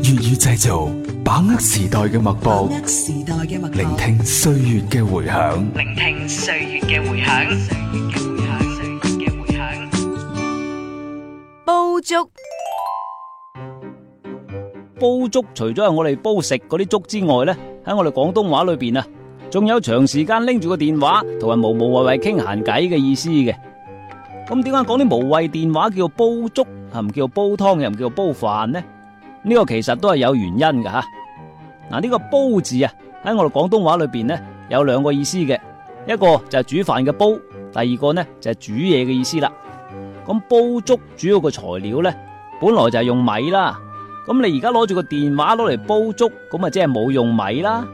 粵語製造，把握時代嘅脈搏，聆聽歲月嘅回響。聆聽歲月嘅回響。歲月嘅回響，歲月嘅回響。煲粥，煲粥，除咗係我哋煲食嗰啲粥之外咧，喺我哋廣東話裏邊啊，仲有長時間拎住個電話同埋無無謂謂傾閒偈嘅意思嘅。咁點解講啲無謂電話叫煲粥，係唔叫煲湯，又唔叫煲飯呢？呢個其實都係有原因嘅吓，嗱、啊、呢、這個煲字啊喺我哋廣東話裏邊咧有兩個意思嘅，一個就係煮飯嘅煲，第二個咧就係、是、煮嘢嘅意思啦。咁、啊、煲粥主要個材料咧本來就係用米啦，咁、啊、你而家攞住個電話攞嚟煲粥，咁啊即係冇用米啦，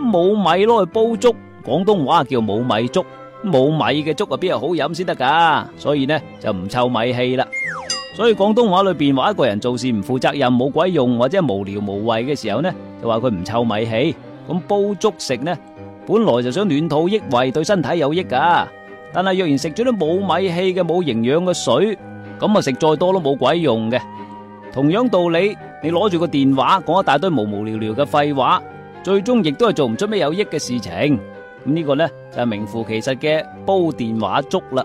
冇米攞去煲粥，廣東話叫冇米粥，冇米嘅粥邊係好飲先得噶，所以咧就唔湊米氣啦。所以廣東話裏邊話一個人做事唔負責任、冇鬼用或者係無聊無謂嘅時候呢，就話佢唔湊米氣。咁煲粥食呢，本來就想暖肚益胃，對身體有益噶。但係若然食咗啲冇米氣嘅、冇營養嘅水，咁啊食再多都冇鬼用嘅。同樣道理，你攞住個電話講一大堆無無聊聊嘅廢話，最終亦都係做唔出咩有益嘅事情。咁呢個呢就係名副其實嘅煲電話粥啦。